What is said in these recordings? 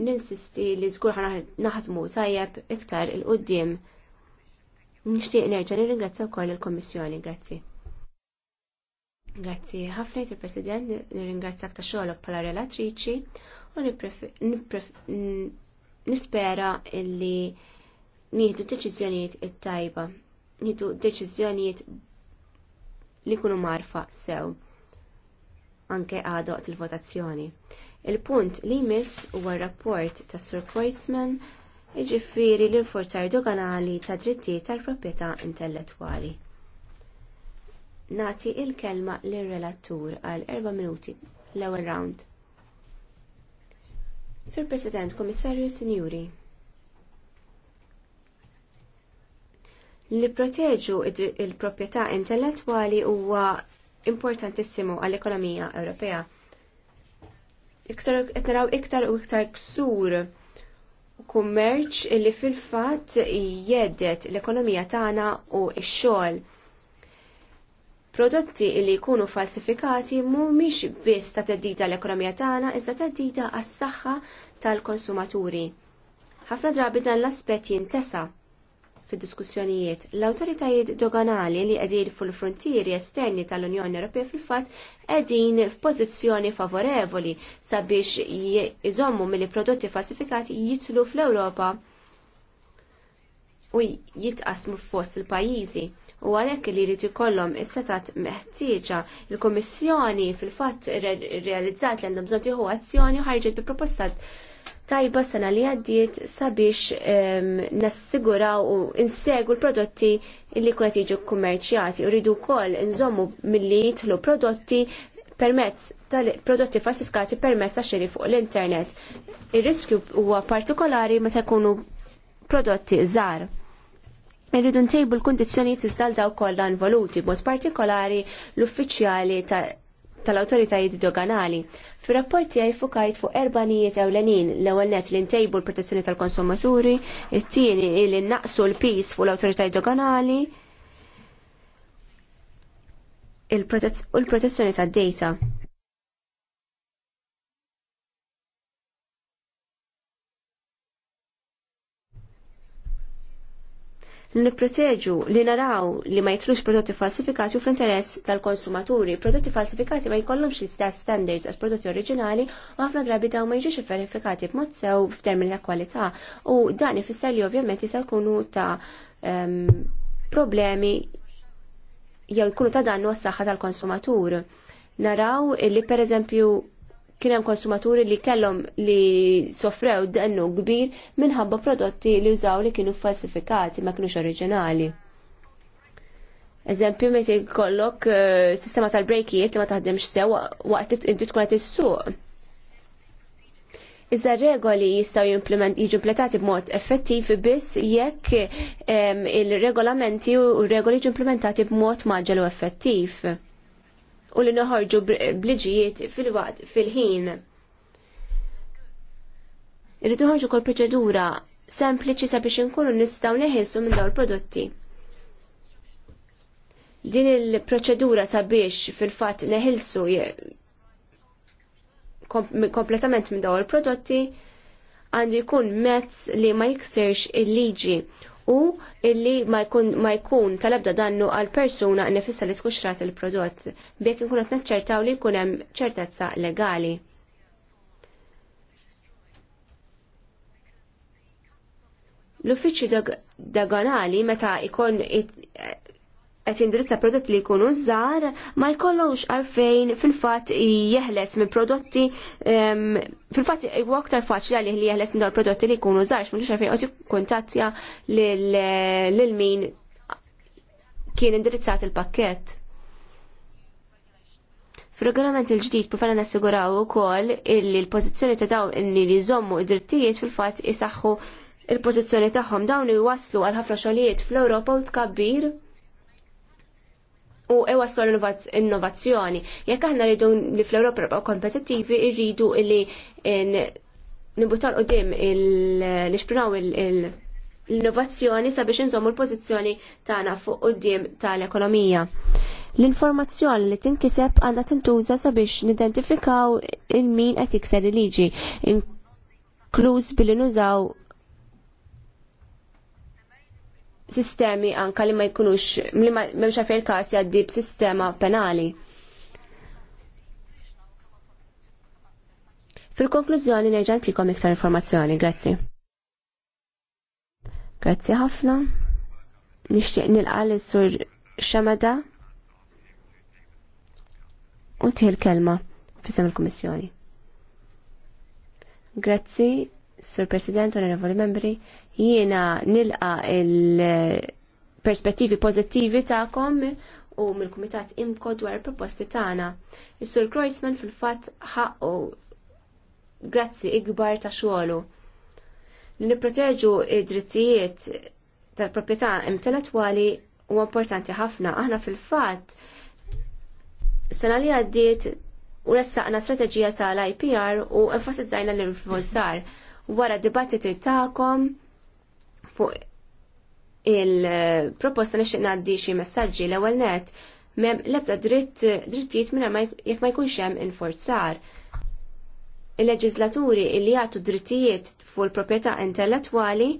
ninsisti li żgur naħdmu tajjeb iktar il-qoddim. Nixtieq nerġa' nirringrazzja wkoll il-Kommissjoni, grazzi. Grazzi ħafna il president nirringrazzjak ta' xogħolok bħala relatriċi u nispera illi nieħdu deċiżjonijiet it-tajba, nieħdu deċiżjonijiet li kunu marfa sew anke għadoqt il-votazzjoni. Il-punt li jmiss huwa rapport ta' Sir Kreutzmann iġifiri l-infurzar doganali ta' drittijiet tal-proprjetà intellettwali. Nati l kelma lir-relatur għal erba' minuti l-ewwel round. Sur President, Komissarju Sinjuri. Li proteġu il-proprjetà intellettwali huwa importantissimu għall-ekonomija Ewropea. Iktar qed naraw iktar u iktar ksur u kummerċ li fil-fatt jedet l-ekonomija tagħna u x-xogħol. Prodotti li jkunu falsifikati mhumiex biss ta' teddida l-ekonomija tagħna iżda teddida għas-saħħa tal-konsumaturi. Ħafna drabi dan l-aspett jintesa' fid-diskussjonijiet. L-awtoritajiet doganali li qegħdin fil-frontieri esterni tal-Unjoni Ewropea fil-fatt qegħdin f'pożizzjoni favorevoli sabiex jizommu mill prodotti falsifikati jitlu fl-Ewropa u jitqasmu fost il-pajjiżi u għalhekk li jrid ikollhom is-setat meħtieġa il-Kummissjoni fil-fatt realizzat li għandhom bżonn tieħu azzjoni u ħarġet bi propostat tajba sena li għaddiet sabiex nassigura ehm, nassiguraw u insegu l-prodotti li kunet jiġu kummerċjati u kol nżommu mill-li jitħlu prodotti permezz tal-prodotti falsifikati permezz ta' xeri fuq l-internet. Ir-riskju huwa partikolari meta jkunu prodotti żgħar. Irridu ntejbu l-kundizzjonijiet iżdal daw kollha involuti, b'mod partikolari l-uffiċjali ta' tal-autoritajiet doganali. Fir-rapporti għaj fukajt fuq erbanijiet ewlenin l-ewwel li ntejbu l-protezzjoni tal-konsumaturi, it-tieni li naqsu l-pis fuq l-autoritajiet doganali, il-protezzjoni tad-data. nipproteġu li naraw li ma jitlux prodotti falsifikati u fl-interess tal-konsumaturi. Prodotti falsifikati ma jkollhomx l-istess standards għas prodotti oriġinali u ħafna drabi daw ma jiġux verifikati b'mod sew f'termini ta' kwalità u dan ifisser li ovvjament jista' jkunu ta' ehm, problemi jew kunu ta' dannu għas-saħħa tal-konsumatur. Naraw li pereżempju Kien hemm konsumaturi li kellhom li sofrew dannu kbir minħabba prodotti li użaw li kienu falsifikati ma kienux oriġinali. Eżempju, meta jkollok eh, sistema tal brejkiet li ma taħdimx sew waqt inti tkun qed issuq. Iżda regoli jistaw jiġu implementati b'mod effettiv biss jekk eh, il-regolamenti u regoli jiġu implementati b'mod maġġel u effettiv u li noħorġu bliġijiet fil-waqt fil-ħin. Irrid ħorġu kol proċedura sempliċi sabiex inkunu nistgħu neħilsu minn dawn il-prodotti. Din il-proċedura sabiex fil-fatt neħilsu kompletament minn dawn il-prodotti għandu jkun mezz li ma jiksirx il-liġi u illi ma jkun, ma jkun tal-ebda dannu għal persuna nefissa li tkun xrat il-prodott biex nkun qed naċċertaw li jkun hemm ċertezza legali. l-uffiċċju doganali meta ikon qed jindirizza prodotti li jkunu żgħar ma jkollhomx għalfejn fil-fatt jeħles minn prodotti fil-fatt huwa aktar faċli għalih li jeħles minn dawn prodotti li jkunu żgħar x'mhux għalfejn qed jikkuntattja lil min kien indirizzat il-pakkett. Fil-regolament il-ġdid provana nassiguraw ukoll illi l-pożizzjoni ta' dawn li jżommu id-drittijiet fil-fatt isaħħu il-pożizzjoni tagħhom dawn iwaslu għal ħafna xogħlijiet fl-Ewropa u tkabbir u ewa sol innovazzjoni. Jekk aħna rridu li fl-Ewropa nibqgħu kompetittivi, rridu li nibutal qudiem li xprinaw l-innovazzjoni sabiex inżommu l-pożizzjoni tagħna fuq qudiem tal-ekonomija. L-informazzjoni li tinkiseb għandha tintuża sabiex nidentifikaw il-min qed jikser il-liġi, inkluż billi nużaw sistemi anka li ma jkunux, li ma memx għafir kas jaddi b'sistema penali. Fil-konklużjoni nerġa' ntilkom iktar informazzjoni, grazzi. Grazzi ħafna. Nixtieq nilqa' sur Xamada u tih il-kelma fisem il-Kummissjoni. Grazzi, Sur President, onorevoli membri, jiena nilqa il-perspettivi pozittivi ta'kom u mill-Kumitat imko dwar il-proposti tagħna. Is-Sur Kreuzman fil-fatt ħaqqu grazzi ikbar ta' xogħlu. Li nipproteġu id-drittijiet tal-proprjetà intellettwali huwa importanti ħafna. Aħna fil-fatt sena li għaddiet u ressaqna strateġija tal-IPR u enfasizzajna l-involzar wara dibattiti tagħkom fuq il-proposta nixtieq ngħaddi xi messaġġi l-ewwel net mem lebda dritt drittijiet minn jekk ma jkunx hemm infurzar. Il-leġislaturi li jagħtu drittijiet fuq il-proprjetà intellettwali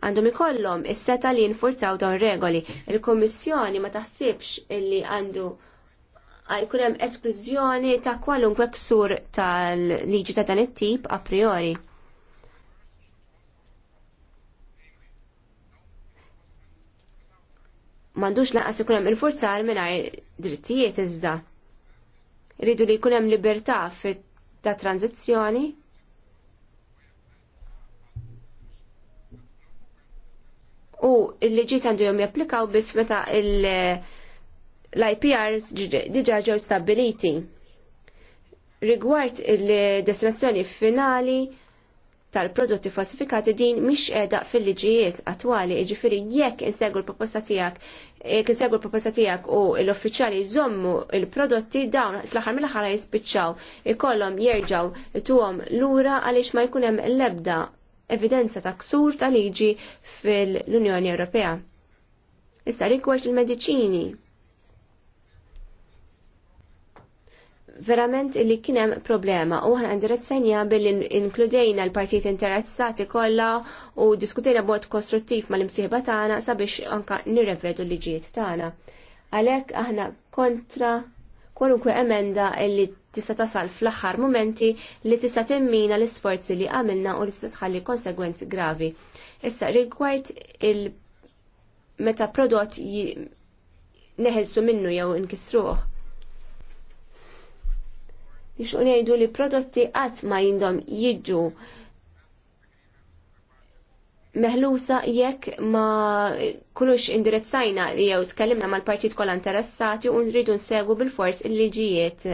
għandhom ikollhom is-seta li jinfurzaw dawn regoli. Il-Kummissjoni ma taħsibx illi għandu jkun hemm esklużjoni ta' kwalunkwe ksur tal-liġi ta' dan it-tip a priori. M'għandux lanqas ikun hemm il-forzar mingħajr drittijiet iżda. Rridu li jkun hemm libertà ta' tranzizzjoni u il-liġi għandu jom japplikaw biss meta l-IPRs diġa ġew stabiliti. Rigward il-destinazzjoni finali tal-prodotti falsifikati din mhix qiegħda fil-liġijiet attwali, jiġifieri jekk insegwu l-proposta tiegħek E, kinsegu l-proposta tiegħek u l-uffiċjali jżommu il-prodotti dawn fl-aħħar mill-aħħar jispiċċaw ikollhom jerġgħu tuhom lura għaliex ma jkun hemm l-ebda evidenza ta' ksur ta' liġi fil-Unjoni Ewropea. Issa rigward il-mediċini. verament li kienem problema u ħana senja billi inkludejna l-partijiet interessati kollha u diskutejna b'mod kostruttiv mal-imsieħba tagħna sabiex anka nirrevedu l-liġijiet tagħna. Għalhekk aħna kontra kwalunkwe emenda li tista' tasal fl-aħħar momenti li tista' temmina l-isforzi li għamilna u li tista' tħalli konsegwenzi gravi. Issa rigward il meta prodott neħelsu minnu jew inkisruħ jixqu jgħidu li prodotti qatt ma jindom jiġu meħlusa jekk ma kulux indirizzajna jew tkellimna mal-partit kollha interessati u nridu nsegwu bil-fors il-liġijiet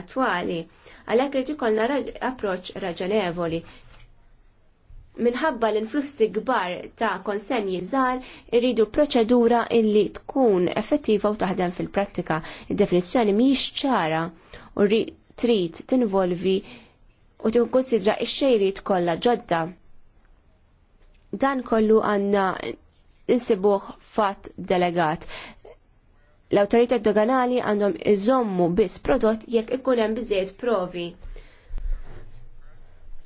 attwali. Għalhekk irid ikollna approċċ raġonevoli. Minħabba l-influssi kbar ta' konsen żgħar irridu proċedura illi tkun effettiva u taħdem fil-prattika. Id-definizzjoni mhijiex ċara u trid tinvolvi u tikkonsidra x-xejriet kollha ġodda. Dan kollu għandna insibuh fatt delegat. L-awtorità doganali għandhom iżommu biss prodott jekk ikun hemm biżejjed provi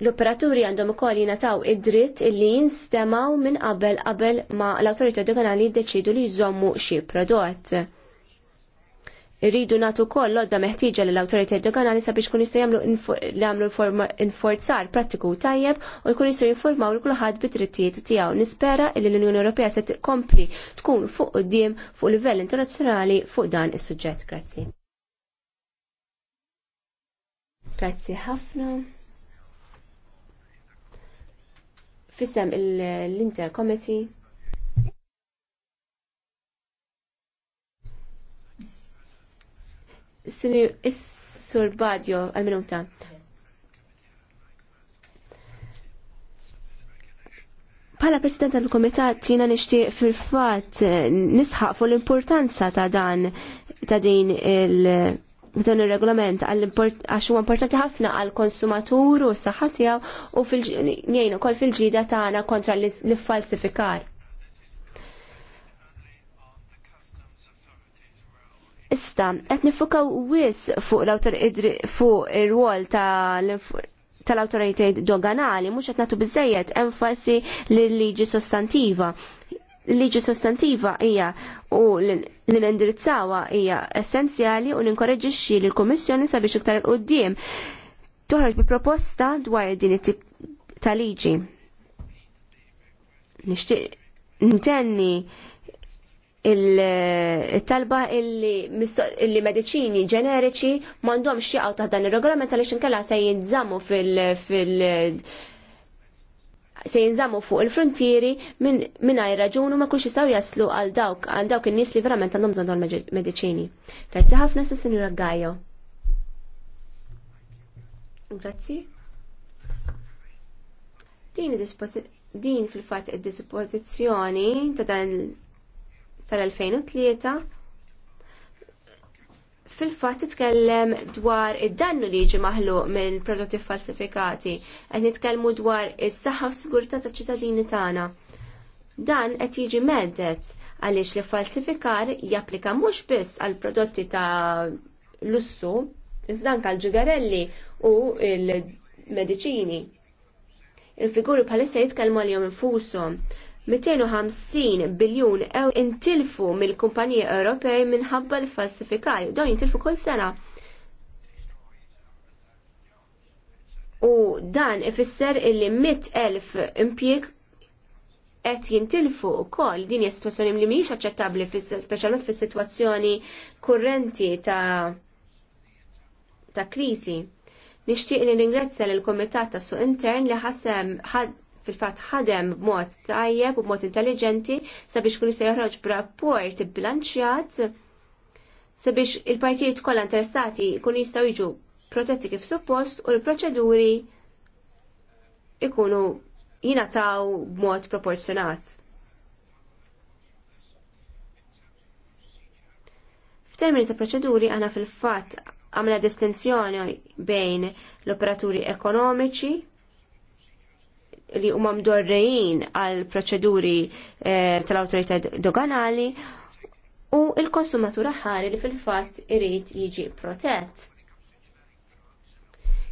l-operaturi għandhom ukoll jingħataw id-dritt illi jinstemaw minn qabel qabel ma l-awtorità doganali jiddeċidu li jżommu xi prodott. Irridu natu koll lodda meħtieġa l awtoritajiet doganali sabiex kun jistgħu jagħmlu inforzar prattiku tajjeb u jkun jistgħu jinformaw lil kulħadd bid-drittijiet tiegħu. Nispera li l-Unjoni Ewropea se tkompli tkun fuq quddiem fuq livell internazzjonali fuq dan is-suġġett. Grazzi. Grazzi ħafna. Fissem l-Inter Committee. Sinir Is-Sur Badjo għal-minuta. Pala President tal-Komitat jina nishti fil-fat eh, nisħaq fuq l-importanza ta' dan ta' din il- dan il-regolament għax huwa importanti ħafna għal konsumatur u s-saħħa tiegħu u jgħinu kol fil-ġida tagħna kontra l-falsifikar. Issa, qed nifukaw wis fuq ir-rwol tal-awtoritajiet doganali mhux qed nagħtu biżejjed enfasi lill-liġi sostantiva. l Liġi sostantiva hija u l-indirizzawa hija essenzjali u ninkoreġixxi lill kummissjoni sabiex iktar il qoddim toħroġ bi proposta dwar din it-tip ta' liġi. Nixtieq ntenni il-talba illi mediċini ġeneriċi mandom xieqaw taħdan dan il-regolament għalix inkella se jinżammu fil- se jinżammu fuq il-frontieri minn għaj raġunu ma kux jistaw jaslu għal dawk għal dawk in-nies li verament għandhom bżonn dawn mediċini. Grazzi ħafna sa Sinjura Gajo. Grazzi. Din din fil-fatt id-dispożizzjoni ta' dan tal-2003 fil-fatt titkellem dwar id-dannu li jiġi maħluq minn prodotti falsifikati, qed nitkellmu dwar is-saħħa u sigurtà taċ-ċittadini tagħna. Dan qed jiġi medet għaliex li falsifikar japplika mhux biss għal prodotti ta' lussu, iżda anke l-ġigarelli u l-mediċini. Il-figuri bħalissa jitkellmu għalihom infushom. 250 biljun ew intilfu mill-kumpaniji Ewropej minħabba l-falsifikar. Dawn jintilfu kull sena. U dan ifisser illi 100.000 impjieg qed jintilfu wkoll din hija sitwazzjoni li mhijiex aċċettabbli speċjalment fis-sitwazzjoni kurrenti ta' ta' krisi. Nixtieq li ringrazzja lill kumitat tas Suq Intern li ħassem ħadd fil-fatt ħadem b'mod tajjeb u b'mod intelligenti sabiex kun jista' joħroġ b'rapport bilanċjat sabiex il-partijiet kollha interessati jkunu jistgħu jiġu protetti kif suppost u l-proċeduri ikunu jingħataw b'mod proporzjonat. F'termini ta' proċeduri għana fil-fatt għamla distinzjoni bejn l-operaturi ekonomiċi li huma mdorrejin għal proċeduri eh, tal-awtorità doganali u il-konsumatur ħari li fil-fatt irid jiġi protett.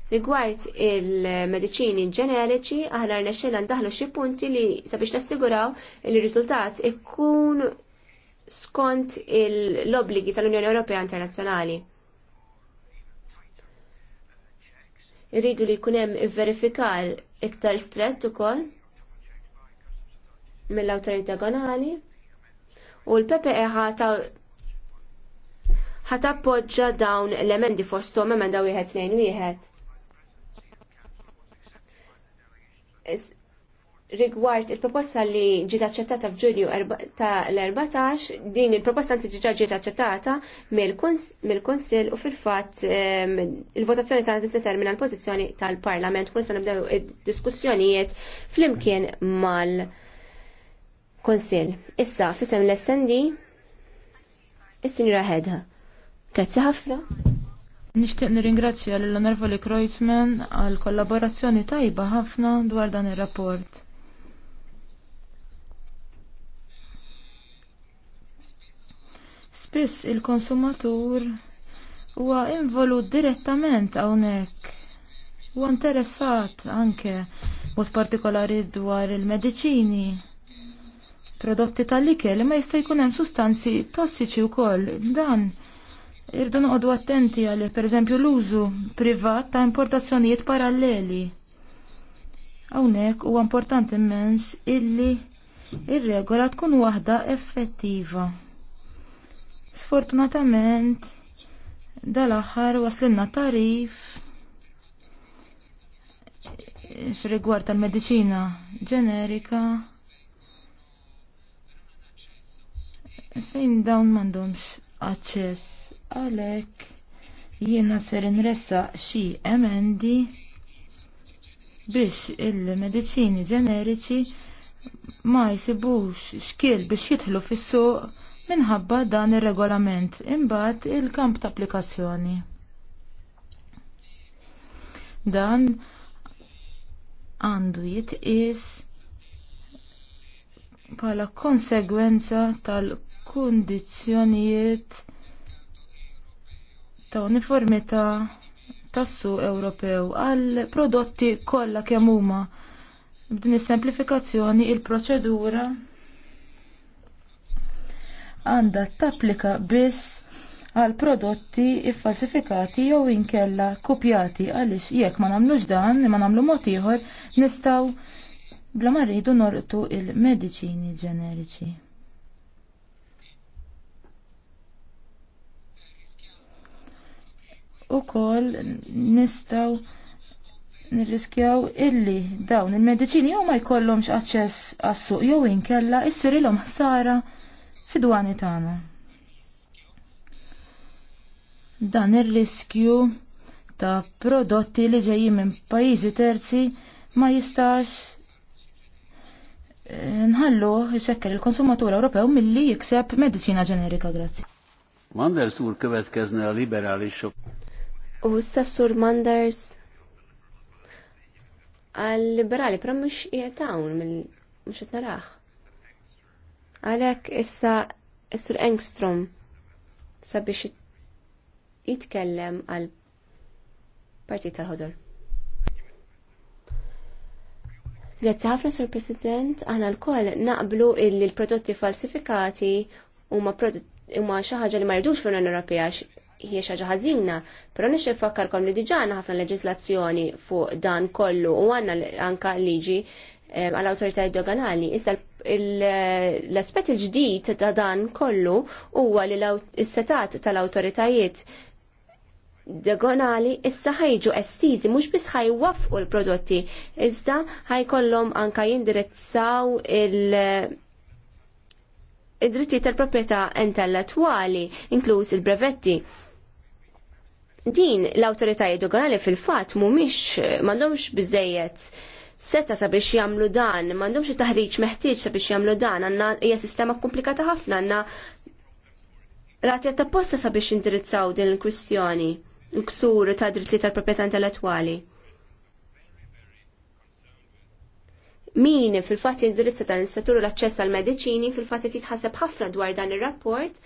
Rigward il-medicini ġeneriċi, aħna rnexxela ndaħlu xi punti li sabiex tassiguraw il-riżultat ikun skont l-obbligi tal-Unjoni Ewropea Internazzjonali. Irridu li jkun hemm verifikar iktar strett ukoll mill-awtorità gonali u l-PPE ħat appoġġa dawn l-emendi fosthom emenda wieħed tnejn wieħed rigward il-proposta li ġiet aċċettata f'Ġunju tal-14, din il-proposta anzi ġiet ġiet aċċettata mill-Kunsill u fil-fatt ehm, il-votazzjoni tagħna determina l-pożizzjoni tal-Parlament. Kun se nibdew id-diskussjonijiet flimkien mal-Kunsill. Issa fisem l-SND is-Sinjura Hedha. Grazzi ħafna. Nishtiq nirringrazzja l-Onorevoli Kreuzman għal kollaborazzjoni tajba ħafna dwar dan ir-rapport. Spiss il-konsumatur huwa involut direttament hawnhekk. Huwa interessat anke mod partikolari dwar il-mediċini prodotti tal-ikel li ma jista' jkun hemm sustanzi tossiċi wkoll. Dan irdu noqogħdu attenti għal pereżempju l-użu privat ta' importazzjonijiet paralleli. Hawnhekk huwa importanti immens illi ir-regola tkun waħda effettiva. Sfortunatament, dal-aħħar waslinna tarif f'rigward tal-medicina ġenerika fejn dawn m'għandhomx aċċess għalhekk jiena ser inressaq xi emendi biex il-mediċini ġeneriċi ma jsibux xkiel biex jidħlu fis-suq minħabba dan ir-regolament imbagħad il-kamp ta' applikazzjoni. Dan għandu jitqies bħala konsegwenza tal-kundizzjonijiet ta' uniformità tas-suq Ewropew għal prodotti kollha kemm huma. B'din is-semplifikazzjoni il-proċedura l il proċedura għandha tapplika biss għal prodotti iffalsifikati jew inkella kopjati għaliex jekk ma nagħmlux dan ma nagħmlu mod ieħor nistgħu bla ma rridu norqtu il-mediċini ġeneriċi. Ukoll nistgħu nirriskjaw illi dawn il-mediċini jew ma jkollhomx aċċess għas-suq jew inkella issir ilhom ħsara fidwani tagħna. Dan ir-riskju ta' prodotti li ġejjin minn pajjiżi terzi ma jistax eh, nħallu xekkel il-konsumatur Ewropew milli jikseb medicina ġenerika, grazzi. Manders ur kibet kazna liberali xo. U s-sassur Manders għal-liberali, pra mux jietawn, mux jitnaraħ. Għalhekk issa Sur Engstrom sabiex jitkellem għal partit tal-ħodol. Grazzi ħafna Sur President, aħna lkoll naqblu illi l-prodotti falsifikati huma huma xi ħaġa li ma rridux fl-Unjoni Ewropea hija xi ħaġa ħażina, però nixtieq nfakkarkom li diġà għandna ħafna leġislazzjoni fuq dan kollu u għandna anka liġi eh, għall awtoritajiet doganali. Iżda l-aspet il-ġdid ta' dan kollu huwa li l-setat tal-awtoritajiet diagonali issa ħajġu estizi mhux biss ħajwafqu l-prodotti iżda ħajkollhom anka jindirizzaw il- id-dritti tal-proprjetà intellettwali, inkluż il-brevetti. Din l-awtoritajiet dogonali fil-fatt mhumiex m'għandhomx biżejjed seta sabiex jagħmlu dan, m'għandhomx taħriġ meħtieġ sabiex jagħmlu dan, għandna hija sistema komplikata ħafna, għandna rati ta' posta sabiex indirizzaw din il-kwistjoni, l-ksur ta' dritti tal-proprjetà intellettwali. Min fil-fatt indirizza dan is-settur l-aċċess għal mediċini fil-fatt jitħaseb ħafna dwar dan ir-rapport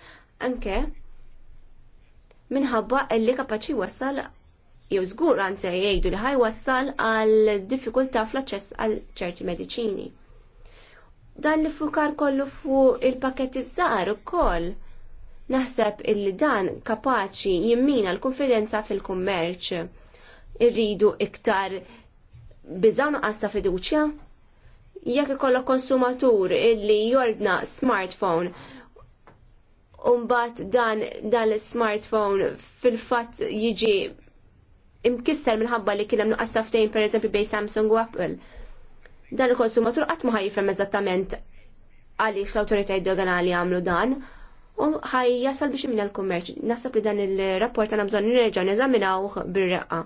anke minħabba li kapaċi wasal jew żgur se jgħidu li ħajwassal għal diffikultà fl-aċċess għal ċerti mediċini. Dan li fukar kollu fuq il paketti żgħar ukoll. Naħseb illi dan kapaċi jimmina l-konfidenza fil-kummerċ. Irridu iktar biżaw qassa fiduċja? Jekk ikollok konsumatur illi jordna smartphone Umbat dan dan l-smartphone fil-fat jiġi imkisser minħabba li kienem nuqqas taftejn per eżempju bej Samsung u Apple. Dan il-konsumatur qatt ma ħajfhem eżattament għaliex l-awtoritajiet doganali għamlu dan u ħaj jasal biex minna l-kummerċ. Nasab li dan il-rapport għana bżon nirreġa neżaminawh bir-reqqa.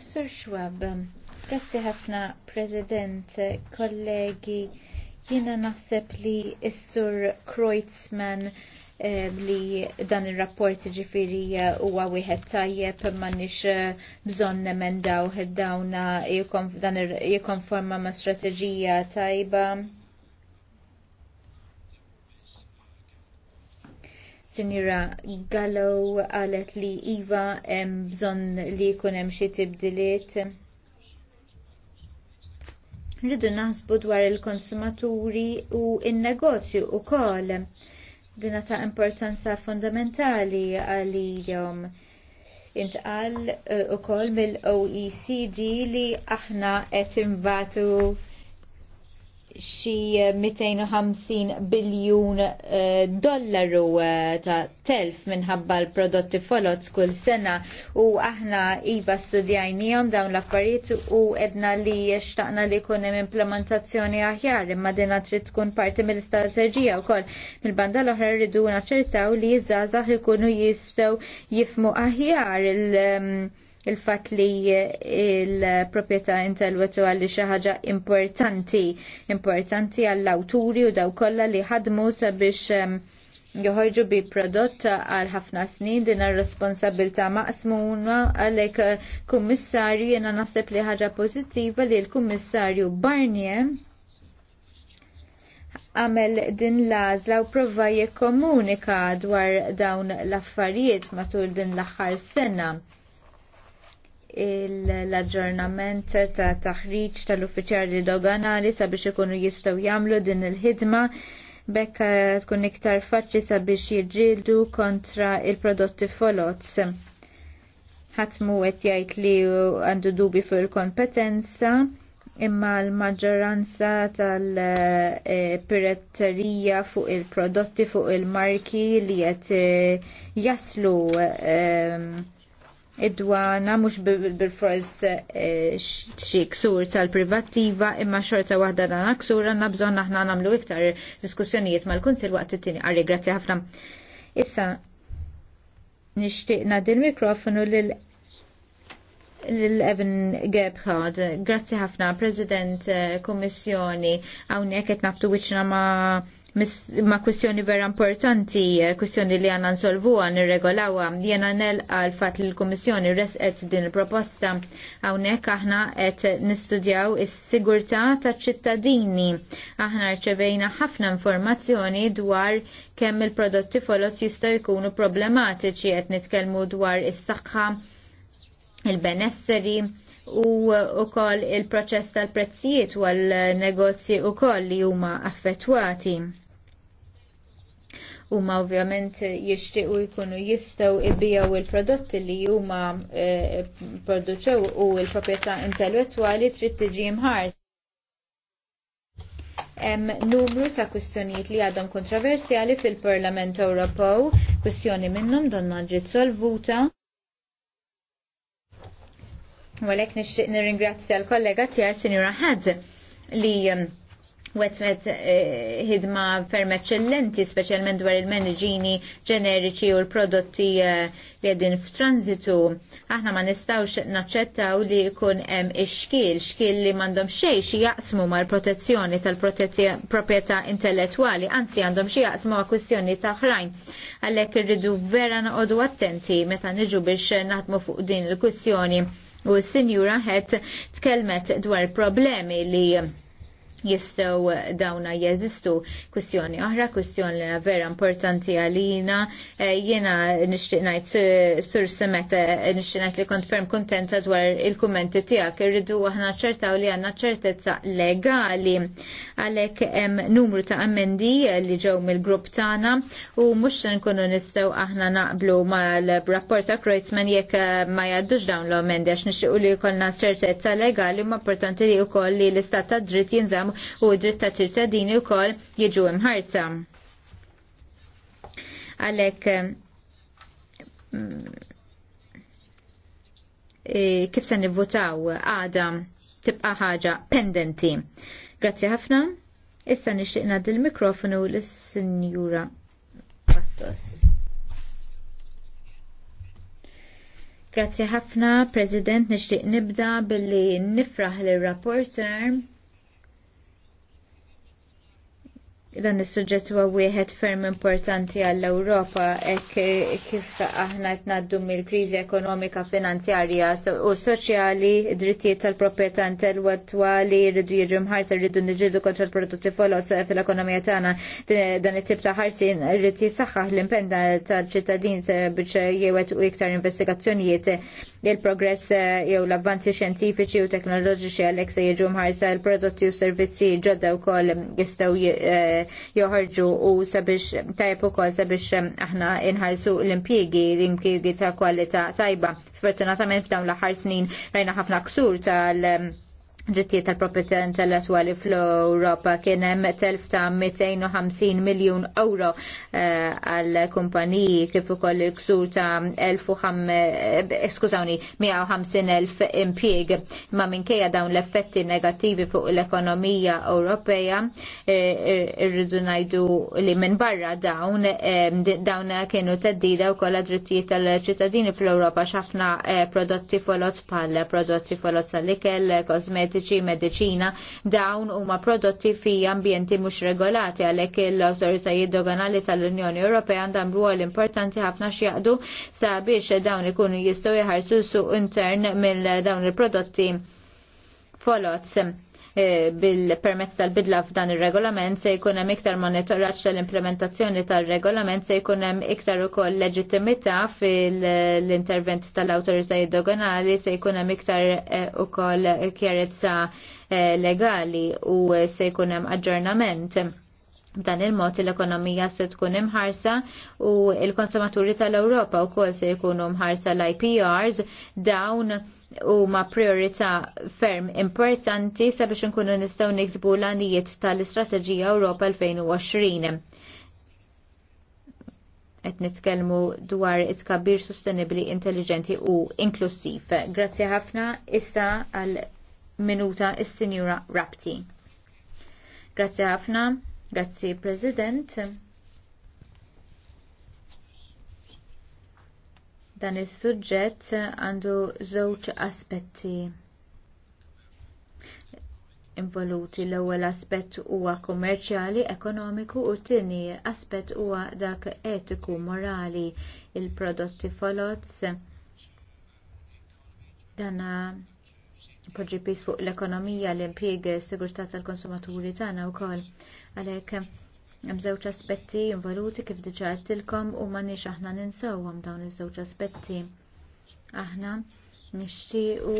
Mr. Schwab, grazie ħafna President, kollegi Jiena naħseb li s-sur Kreutzmann eh, li dan il-rapport ġifiri eh, huwa wieħed tajjeb m'għandniex eh, bżonn nemendaw dawna dan jikkonforma ma' strateġija tajba. Sinjura Gallo qalet li iva hemm bżonn li jkun hemm xi tibdiliet. Rridu naħsbu dwar il-konsumaturi u n negozju wkoll. Dina ta' importanza fondamentali għalihom intqal eh, ukoll mill-OECD li aħna qed imbatu xi 250 biljun eh, dollaru eh, ta' telf minħabba l-prodotti folot kull sena u aħna iva studjajnijom dawn l-affarijiet u edna li xtaqna li kun hemm implementazzjoni aħjar imma dina trid tkun parti mill-istrateġija wkoll. Mill-banda l-oħra rridu naċċertaw li ż-żgħażagħ ikunu jistgħu jifmu aħjar il- ehm, il-fat li il-propieta intellettuali xi ħaġa importanti, importanti għall-awturi u daw kollha li ħadmu sabiex joħorġu bi prodott għal ħafna snin din ir responsabilta maqsmuna għalhekk kummissarju jiena naħseb li ħaġa pożittiva li l-kummissarju Barnier għamel din l-għażla u prova jikkomunika dwar dawn l-affarijiet matul din l-aħħar sena l-aġġornament ta' taħriġ tal-uffiċjali doganali sabiex ikunu jistgħu jagħmlu din il-ħidma bekk eh, tkun iktar faċli sabiex jiġġieldu kontra il-prodotti folots. Ħatmu qed jgħid li għandu dubi fuq il-kompetenza imma l-maġġoranza tal-piretterija eh, fuq il-prodotti fuq il-marki li qed eh, jaslu id-dwana mhux bil-fors eh, xi ksur tal-privattiva imma xorta waħda dan ksur għandna bżonn aħna nagħmlu iktar diskussjonijiet mal-Kunsil waqt it-tieni qari grazzi ħafna. Issa nixtieq ngħaddi l-mikrofonu lil lil evan Gebhard, grazzi ħafna, President eh, Kommissjoni, għawnek etnabtu wiċna ma' ma kwestjoni vera importanti, kwestjoni li għanna nsolvu għan irregolawa, jena nel għal fat li l-Komissjoni resqet din il-proposta għawnek aħna qed nistudjaw is-sigurtà taċ-ċittadini. Aħna rċevejna ħafna informazzjoni dwar kemm il-prodotti folot jistaw jkunu problematiċi qed nitkellmu dwar is-saħħa, il-benesseri, il benesseri u wkoll il-proċess tal-prezzijiet u l negozji wkoll li huma affettwati. Huma ovvjament jixtiequ jkunu jistgħu jbijaw il-prodotti li huma e, produċew u l-proprjetà intellettwali trid tiġi mħars. Hemm numru ta' kwistjonijiet li għadhom kontroversjali fil-Parlament Ewropew, kwistjoni minnhom donna ġiet solvuta. Walek nixtieq nirringrazzja l-kollega tiegħi Sinjura Ħadd li um, wetmet eh, ħidma ferm eċċellenti, speċjalment dwar il-menġini ġeneriċi u l-prodotti eh, li għedin f'transitu. Aħna ma nistawx naċċettaw li kun hemm ix-xkil, xkil li mandom xej xie jaqsmu mal-protezzjoni tal-proprjetà intellettwali, anzi għandhom xi jaqsmu ma' kwistjoni ta' oħrajn. Għalhekk irridu vera noqogħdu attenti meta niġu biex naħdmu fuq din il-kwistjoni U s-sinjura ħed tkellmet dwar problemi li jistaw dawna jeżistu kwistjoni oħra, kwistjoni li vera importanti għalina. E, jena nishtiqnajt sur semet e, nishtiqnajt li kont ferm kontenta dwar il-kommenti tijak. Irridu aħna ċertaw li għanna ċertezza legali għalek em, numru ta' ammendi li ġew mill-grupp tana u mux nkunu nistaw aħna naqblu mal-rapport ta' Kreutzmann jekk e, ma jaddux dawn l-ammendi għax nishtiqu li kolna ċertezza legali ma' importanti li u koll li l-istat ta' dritt jinżam u dritt ta' ċittadini wkoll jiġu imħarsa. Għalhekk mm, e, kif se nivvotaw għada tibqa' ħaġa pendenti. Grazzi ħafna. Issa nixtieqna dil-mikrofonu lis-Sinjura Bastos. Grazzi ħafna, President, nixtieq nibda billi nifraħ l rapporter dan is-suġġett huwa wieħed ferm importanti għall-Ewropa hekk kif aħna qed ngħaddu mill-kriżi ekonomika, finanzjarja u soċjali, drittijiet tal-proprjetà intellettwali jridu jiġu mħarsa rridu niġġieldu kontra l-prodotti folos fil-ekonomija tagħna dan it-tip ta' ħarsin rrid jisaħħaħ l-impenda tal-ċittadin biex jewet u iktar investigazzjonijiet li l-progress eh, jew l-avvanzi xjentifiċi u teknoloġiċi għalhekk se jiġu mħarsa l-prodotti u servizzi ġodda wkoll jistgħu eh, joħorġu u sabiex tajb ukoll sabiex eh, aħna inħarsu l-impjiegi l-impjiegi ta' kwalità tajba. Sfortunatament f'dawn l-aħħar snin rajna ħafna ksur tal- drittijiet tal-proprjetà intellettwali fl-Ewropa kien hemm telf ta' 250 miljun euro eh, għal kumpaniji kif ukoll il-ksur ta' 1500 eh, skużawni 150,000 impjieg. Ma minkejja dawn l-effetti negattivi fuq l-ekonomija Ewropea eh, irridu ngħidu li minn barra dawn dawn kienu teddida wkoll drittijiet tal-ċittadini fl-Ewropa x'ħafna prodotti folot bħal prodotti folot tal-ikel, kosmetiċi antibiotiċi medicina dawn huma prodotti fi ambjenti mhux regolati għalhekk l-awtoritajiet doganali tal-Unjoni Ewropea għandhom rwol importanti ħafna x'jaqdu sabiex dawn ikunu jistgħu jħarsu suq intern mill dawn il-prodotti folots. Eh, bil-permezz tal-bidla f'dan ir-regolament se jkun hemm iktar monitoraġġ tal-implementazzjoni tar-regolament se jkun hemm iktar ukoll leġittimità fil-intervent tal-awtoritajiet doganali se jkun hemm iktar eh, ukoll kjerezza eh, legali u se jkun hemm aġġornament. Dan il-mod l-ekonomija se tkun imħarsa u l konsumaturi tal-Ewropa wkoll se jkunu mħarsa l-IPRs dawn ma priorità ferm importanti sabiex inkunu nistgħu niksbu l-għanijiet tal-Istrateġija Ewropa 2020 qed nitkellmu dwar it-tkabbir sostenibbli intelligenti u inklusiv. Grazzi ħafna issa għal minuta is-Sinjura Rapti. Grazzi ħafna, grazie President. Dan is-suġġett għandu żewġ aspetti involuti. L-ewwel aspett huwa kummerċjali, ekonomiku u t-tieni aspett huwa dak etiku morali il-prodotti folots. Dana poġġi fuq l-ekonomija, l-impjieg, is-sigurtà tal-konsumaturi tagħna wkoll għalhekk Hemm żewġ aspetti involuti kif diġà għedtilkom u m'għandniex aħna ninsewhom dawn iż-żewġ aspetti. Aħna nixtiequ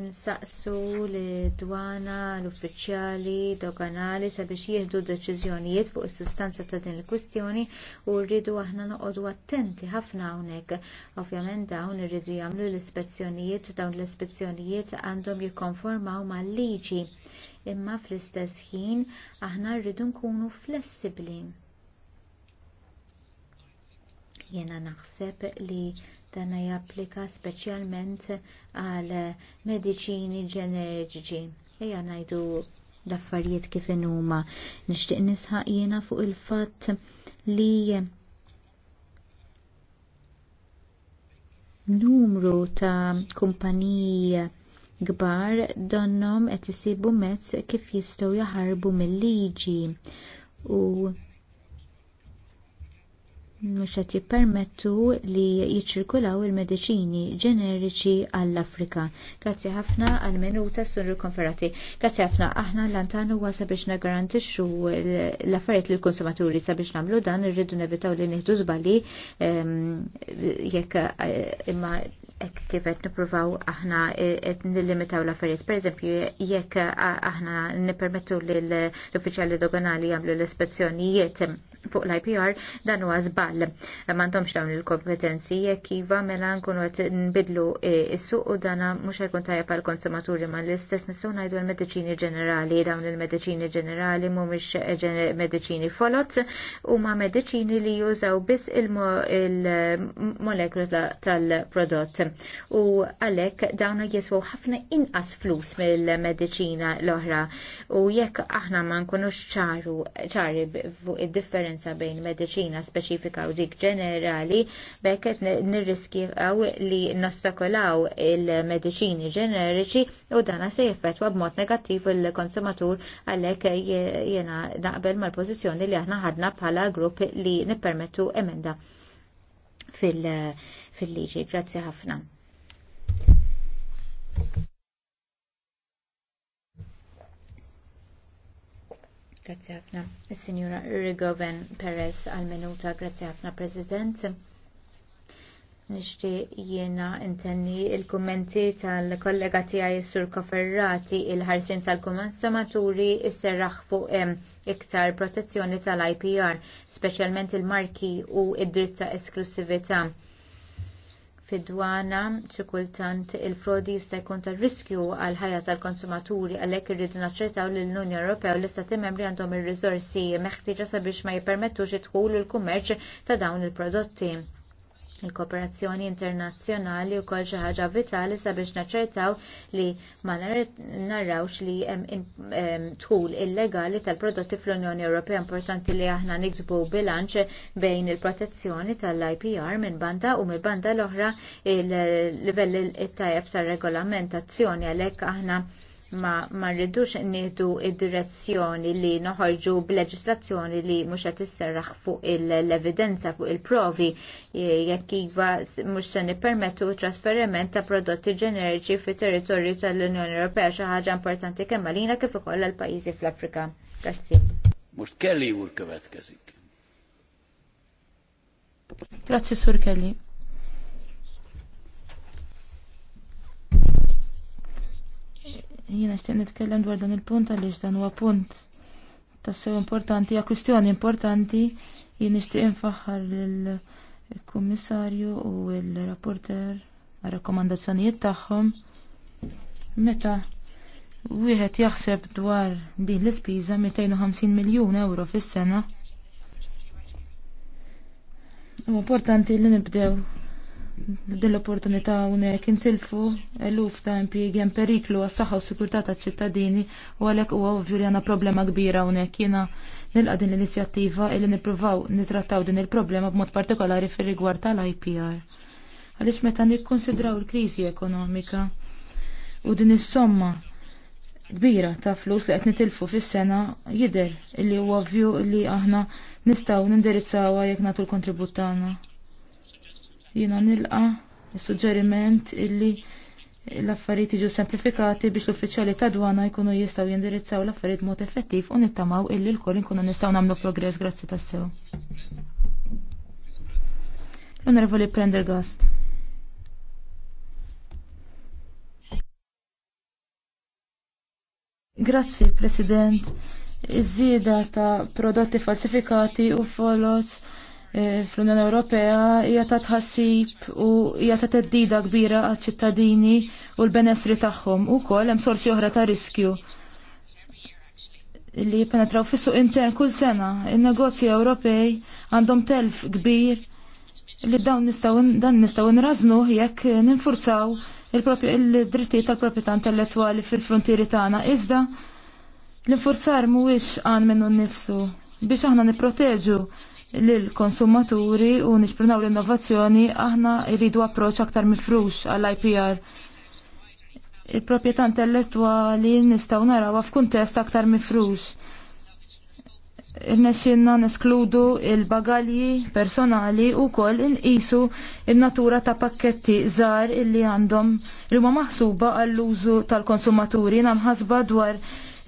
insaqsu lid-dwana l-uffiċjali doganali sabiex jieħdu deċiżjonijiet fuq is-sustanza ta' din il-kwistjoni u rridu aħna noqogħdu attenti ħafna hawnhekk. Ovvjament dawn irridu jagħmlu l-ispezzjonijiet dawn l-ispezzjonijiet għandhom jikkonformaw mal-liġi imma fl-istess ħin aħna rridu nkunu flessibbli. Jiena naħseb li dan japplika speċjalment għal mediċini ġeneriċi. Ejja ngħidu l-affarijiet kif huma. Nixtieq nisħaq jiena fuq il-fatt li numru ta' kumpaniji kbar donnom qed isibu mezz kif jistgħu jaħarbu mill-liġi u mhux qed jippermettu li jiċċirkulaw il-mediċini ġeneriċi għall-Afrika. Grazzi ħafna għal minuta sunru konferati. Grazzi ħafna aħna l-antanu huwa sabiex nagarantixxu l-affarijiet lill konsumaturi sabiex nagħmlu dan irridu nevitaw li nieħdu żbali ehm, jekk eh, imma ek kif qed nippruvaw aħna eh, qed nillimitaw l-affarijiet. Pereżempju, jekk aħna nippermettu lill uffiċjali doganali jagħmlu l-ispezzjonijiet fuq l-IPR dan huwa żball. M'għandhomx dawn il-kompetenzi jekk iva mela nkunu qed nbidlu e, is-suq u dan mhux jkun tajjeb għall konsumaturi ma l-istess nistgħu ngħidu l-mediċini ġenerali dawn il-mediċini ġenerali mhumiex mediċini folot huma mediċini li jużaw biss il molekuli tal-prodott. U għalhekk dawn jiswu ħafna inqas flus mill-mediċina l-oħra u jekk aħna ma nkunux ċaru ċari fuq id-differenza differenza bejn mediċina speċifika u dik ġenerali b'hekk qed nirriskjaw li nostakolaw il-mediċini ġeneriċi u dana se jiffettwa b'mod negattiv il-konsumatur għalhekk jiena naqbel mal-pożizzjoni li aħna ħadna bħala grupp li nippermettu emenda fil-liġi. Grazzi ħafna. Grazzi ħafna. Is-Sinjura Rigoven Perez għal-minuta, grazzi ħafna President. Nishti jiena intenni il-kommenti tal-kollega tiegħi Sur Koferrati il-ħarsin tal-konsumaturi isserraħ fuq iktar protezzjoni tal-IPR, speċjalment il-marki u id-dritt ta' esklusività fid-dwana xi kultant il-frodi jista' jkun ta' riskju għal ħajja tal-konsumaturi għalhekk irridu naċċertaw li l-Unjoni Ewropea u l-Istati Membri għandhom ir-riżorsi meħtieġa sabiex ma jippermettux idħul il-kummerċ ta' dawn il-prodotti. Il-kooperazzjoni internazzjonali wkoll xi ħaġa vitali sabiex naċċertaw li ma narrawx li hemm tħul illegali tal-prodotti fl-Unjoni Ewropea importanti li aħna niksbu bilanċ bejn il-protezzjoni tal-IPR minn banda u minn banda l-oħra il-livell tajjeb tar regolamentazzjoni għalhekk aħna ma ma rridux nieħdu id-direzzjoni li noħorġu b'leġislazzjoni li mhux qed isserraħ fuq l-evidenza fuq il-provi e, jekk iva mhux se nippermettu trasferiment ta' prodotti ġeneriċi fit territorju tal-Unjoni Ewropea xi ħaġa importanti kemm għalina kif ukoll għall-pajjiżi fl-Afrika. Grazzi. Mhux kelli jur Grazzi Sur Kelly. Jiena xtiq nitkellem dwar dan il-punt għaliex dan huwa punt tassew importanti, hija kwistjoni importanti, jien nixtieq infaħħar lill-kummissarju u l-rapporter għal rakkomandazzjonijiet tagħhom. Meta wieħed jaħseb dwar din l-ispiża 250 miljun euro fis-sena. U importanti li nibdew din l-opportunità hawnhekk intilfu eluf ta' impjiegi hemm periklu għas-saħħa u sikurtà taċ-ċittadini u għalhekk huwa ovvju li għandna problema kbira hawnhekk jiena nilqa' din l-inizjattiva li nippruvaw nitrattaw din il-problema b'mod partikolari fir-rigward tal-IPR. Għaliex meta nikkonsidraw il-kriżi ekonomika u din is-somma kbira ta' flus li qed nitilfu fis-sena jidher illi huwa ovvju li aħna nistgħu nindirizzawha jekk nagħtu l-kontribut tagħna Jina nilqa suġġeriment illi l-affarijiet jiġu semplifikati biex l-uffiċjali ta' dwana jkunu jistgħu jindirizzaw l-affarijiet mod effettiv u nittamaw illi l-kol inkunu nistgħu nagħmlu progress grazzi tas-sew. L-Onorevoli Prendergast. Grazzi, President. Iż-żieda ta' prodotti falsifikati u folos Eh, fl-Unjoni Ewropea hija ta' tħassib u hija ta' teddida kbira għaċ-ċittadini u l-benessri tagħhom ukoll hemm sorsi oħra ta' riskju li jippenetraw fis-suq intern kull sena. In-negozji Ewropej għandhom telf kbir li dawn nistgħu dan nistgħu nrażnu jekk ninfurzaw il-drittijiet tal-proprjetà intellettwali fil-frontieri tagħna iżda l-infurzar mhuwiex għan minnu nnifsu biex aħna nipproteġu lil konsumaturi u nixprunaw l-innovazzjoni aħna jridu approċċ aktar mifrux għall-IPR. Il-proprjetà intellettwali nistgħu narawha f'kuntest aktar mifrux. Irnexxinna neskludu il-bagalji personali u koll inqisu il natura ta' pakketti żgħar illi għandhom il huma maħsuba għall-użu tal-konsumaturi namħasba dwar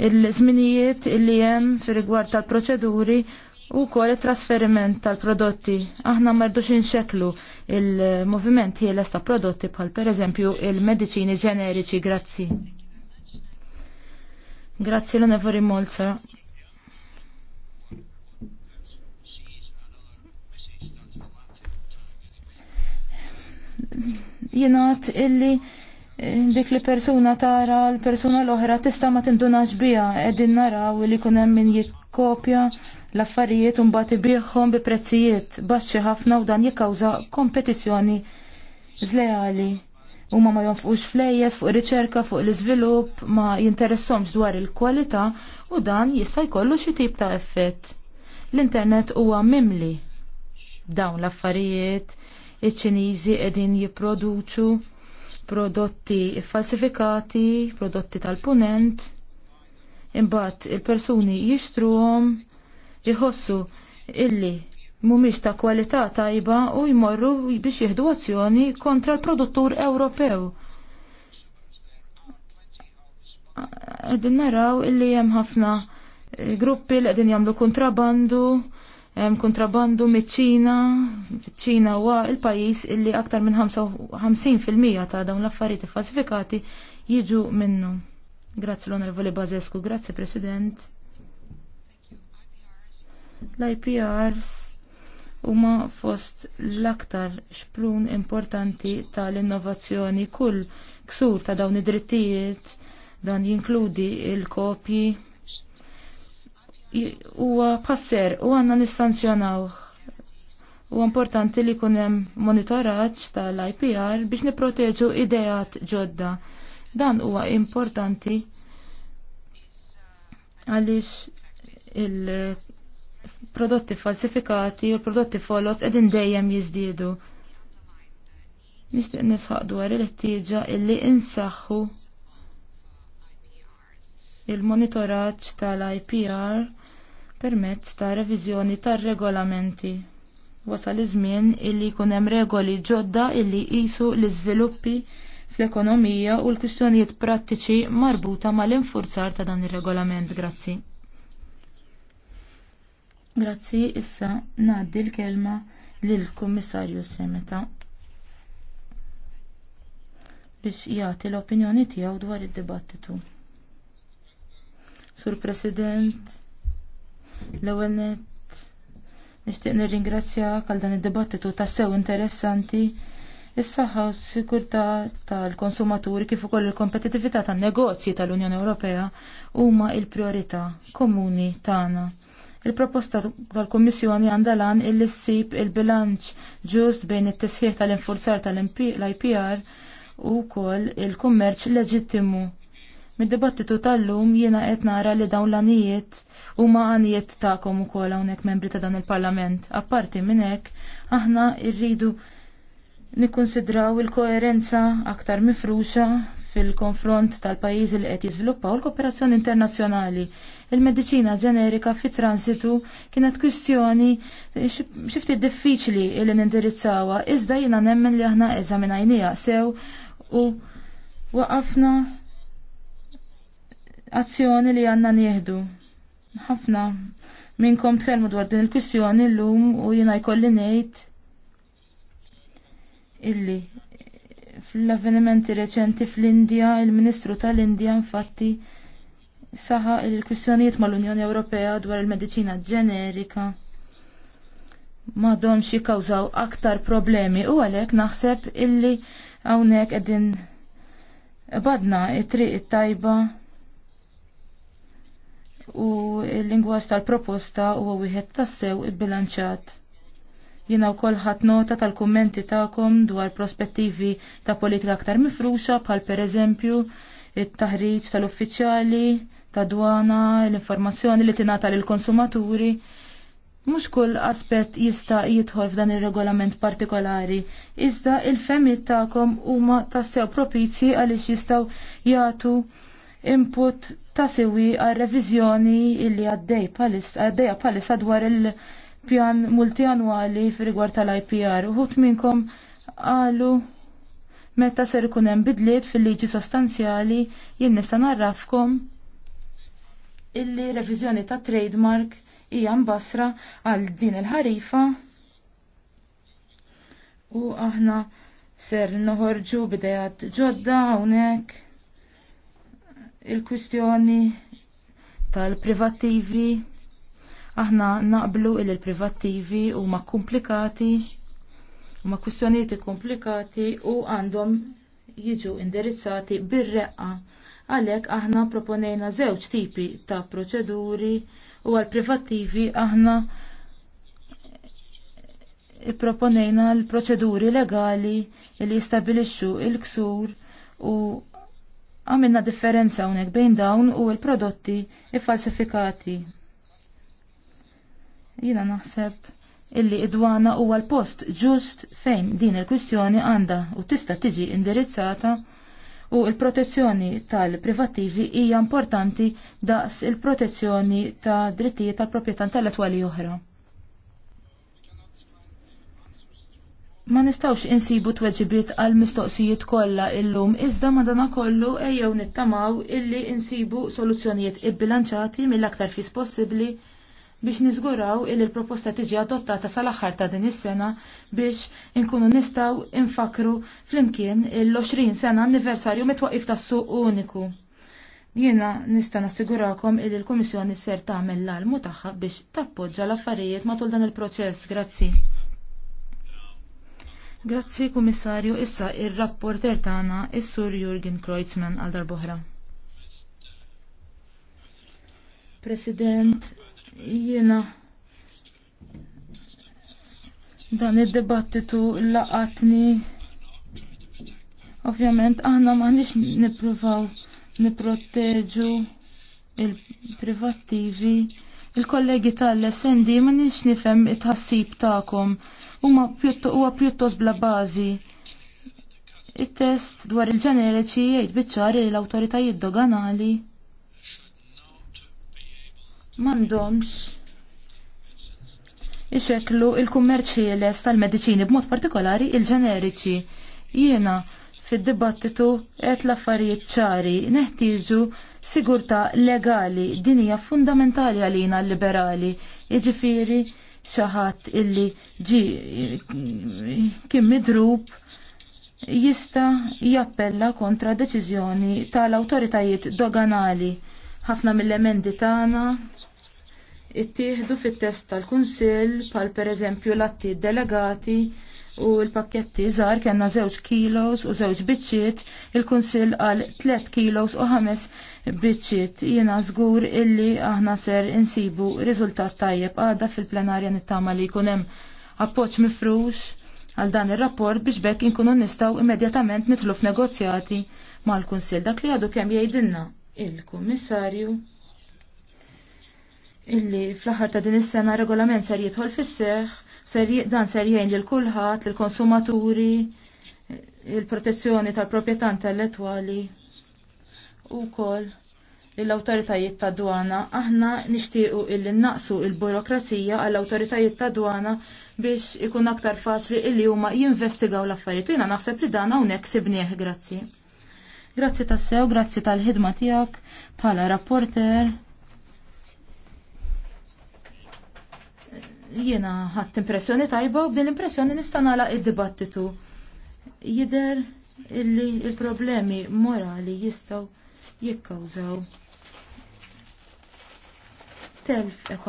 il-żminijiet illi hemm fir-rigward tal-proċeduri U kol trasferiment tal-prodotti, aħna mardux inxeklu il-moviment ħieles ta' prodotti bħal per eżempju il-medicini ġeneriċi, grazzi. Grazzi l-onevori Molza. Jenat illi eh, dik li persuna tara l-persuna l-oħra tista ma tindunax bija, edin naraw li kunem min jikkopja. kopja l-affarijiet mbagħad biħħom bi prezzijiet baxxi ħafna u dan jikkawża kompetizzjoni zleali Huma ma jonfqux flejjes fuq riċerka fuq l-iżvilupp ma jinteressomx dwar il-kwalità u dan jista' jkollu xi tip ta' effett. L-internet huwa mimli dawn l-affarijiet, iċ-Ċiniżi qegħdin jipproduċu prodotti falsifikati, prodotti tal-punent, imbagħad il-persuni jixtruhom jħossu illi mhumiex ta' kwalità tajba u jmorru biex jieħdu azzjoni kontra l-produttur Ewropew. Qegħdin naraw illi hemm ħafna eh, gruppi li qegħdin jagħmlu kontrabandu, hemm kontrabandu miċ-Ċina, ċina huwa l-pajjiż illi aktar minn 55% ta' dawn l-affarijiet falsifikati jiġu minnu. Grazzi l-Onorevoli Bazescu, grazzi President. L-IPRs huma fost l-aktar xprun importanti tal-innovazzjoni kull ksur ta' dawn id-drittijiet dan jinkludi il-kopji huwa passer u għanna nissanzjonaw. U importanti li kunem monitoraġġ tal-IPR biex niproteġu idejat ġodda. Dan huwa importanti għaliex il- prodotti falsifikati u prodotti folos edin dejjem jizdidu. Nixtieq nisħaq dwar il-ħtieġa illi insaħħu il-monitoraġġ tal-IPR permezz ta' reviżjoni tar-regolamenti. Wasal iż-żmien illi jkun hemm regoli ġodda illi jqisu l-iżviluppi fl-ekonomija u l-kwistjonijiet prattiċi marbuta mal-infurzar ta' dan ir-regolament. Grazzi. Grazzi, issa ngħaddi l-kelma lill-Kummissarju Semeta biex jagħti l-opinjoni tiegħu dwar id-dibattitu. Sur President, l-ewwel nett nixtieq nirringrazzjak għal dan id-dibattitu tassew interessanti is-saħħa u s-sikurtà tal-konsumaturi kif ukoll il-kompetitività tan-negozji tal-Unjoni Ewropea huma l-prijorità komuni tagħna Il-proposta tal-Kommissjoni għandha lan illi ssib il-bilanċ ġust bejn it-tisħiħ tal-infurzar tal-IPR u wkoll il-kummerċ leġittimu. Mid-dibattitu tal-lum jiena qed nara li dawn l-anijiet huma għanijiet tagħkom ukoll hawnhekk membri ta' dan il-Parlament. Apparti minn hekk aħna rridu nikkonsidraw il-koerenza aktar mifruxa fil-konfront tal-pajjiżi li qed jiżviluppaw l-kooperazzjoni internazzjonali. Il-mediċina ġenerika fit-transitu kienet kwistjoni xifti diffiċli li nindirizzawha, iżda jiena nemmen li aħna eżaminajnija sew u waqafna azzjoni li għanna nieħdu. Ħafna minnkom tkellmu dwar din il-kwistjoni llum u jiena jkolli ngħid illi Fl-avvenimenti reċenti fl-Indja, il-Ministru tal-Indja infatti saħa il-kwistjonijiet mal-Unjoni Ewropea dwar il-medicina ġenerika madhom xi kawżaw aktar problemi u għalhekk naħseb illi hawnhekk qegħdin badna it-triq it-tajba u l-lingwaġġ tal-proposta huwa wieħed tassew ibbilanċat. Jina u kolħat nota tal-kommenti ta'kom dwar prospettivi ta' politika aktar mifruxa bħal per eżempju il taħriġ tal-uffiċjali ta' dwana, l-informazzjoni li tingħata lill konsumaturi Mhux kull aspett jista' jidħol f'dan ir-regolament partikolari, iżda il-femmit tagħkom huma tassew propizji għaliex jistgħu jagħtu input ta' sewi għal reviżjoni li għaddejja palissa dwar il- pjan multianwali fir-rigward tal-IPR. Uħut minnkom qalu meta ser ikun hemm bidliet fil-liġi sostanzjali jien nista' narrafkom illi reviżjoni ta' trademark hija mbassra għal din il-ħarifa u aħna ser noħorġu bidejat ġodda hawnhekk il-kwistjoni tal-privattivi Aħna naqblu il privattivi u ma komplikati u ma kussjonijiet komplikati u għandhom jiġu indirizzati bir-reqqa. Għalhekk aħna proponejna żewġ tipi ta' proċeduri u għal privattivi aħna proponejna l-proċeduri legali li jistabilixxu l ksur u għamilna differenza unek bejn dawn u l-prodotti iffalsifikati. Jina naħseb illi idwana huwa l-post ġust fejn din il-kwistjoni għandha u tista' tiġi indirizzata u il-protezzjoni tal-privattivi hija importanti daqs il-protezzjoni ta' drittijiet tal-proprjetà intellettwali oħra. Ma nistawx insibu tweġibiet għal mistoqsijiet kollha illum iżda madanakollu ejjew nittamaw illi insibu soluzzjonijiet ibbilanċati mill-aktar fis possibbli biex niżguraw il il-proposta tiġi adottata sal-aħħar ta' din is-sena biex inkunu nistaw infakru flimkien il-20 sena anniversarju mitwaqif ta' suq uniku. Jiena nista' nassigurakom il il-Kummissjoni ser tagħmel l-almu tagħha biex tappoġġa l-affarijiet matul dan il-proċess. Grazzi. Grazzi Kummissarju, issa ir-rapporter tagħna is-Sur Jurgen Kreutzmann għal darbohra. President, Jiena dan id-dibattitu laqatni. Ovvjament aħna m'għandniex nippruvaw nipproteġu il-privattivi. Il-kollegi tal-SND ma nix nifhem it-ħassib tagħkom. Huma huwa pjuttost bla bażi. It-test dwar il-ġeneriċi jgħid biċċar li l-awtoritajiet doganali m'għandhomx ixekklu il-kummerċ ħieles tal-mediċini b'mod partikolari il-ġeneriċi. Jiena fid-dibattitu għedt l-affarijiet ċari neħtieġu sigurtà legali din hija fundamentali għalina liberali. Jiġifieri xi ħadd illi ġi kien midrub jista jappella kontra deċiżjoni tal-awtoritajiet doganali. Ħafna mill-emendi tagħna ittieħdu fit-test tal-Kunsill pal pereżempju l-atti delegati u l-pakketti żgħar kellna żewġ kilos u żewġ biċċiet, il-Kunsill għal 3 kilos u 5 biċċiet. Jiena żgur illi aħna ser insibu riżultat tajjeb għadha fil-plenarja nittama li jkun hemm appoġġ mifrux għal dan ir-rapport biex bekk inkunu nistgħu immedjatament nitlu f'negozjati mal-Kunsill dak li għadu kemm jgħidilna il-Kummissarju illi fl-aħħar ta' din is-sena regolament ser jidħol fis-seħħ, ser dan ser jgħin lil kulħadd, lill konsumaturi, il-protezzjoni tal-proprjetà intellettwali u wkoll l-awtoritajiet ta' dwana. Aħna nixtiequ illi naqsu il-burokrazija għall awtoritajiet ta' dwana biex ikun aktar faċli illi huma jinvestigaw l-affarijiet. Jiena naħseb li dan hawnhekk sibnieh, grazzi. Grazzi tassew, grazzi tal-ħidma tiegħek bħala rapporter. jiena ħadd impressjoni tajba u b'din impressjoni nista' nagħlaq id-dibattitu. Jider illi il-problemi morali jistgħu jikkawżaw telf ekon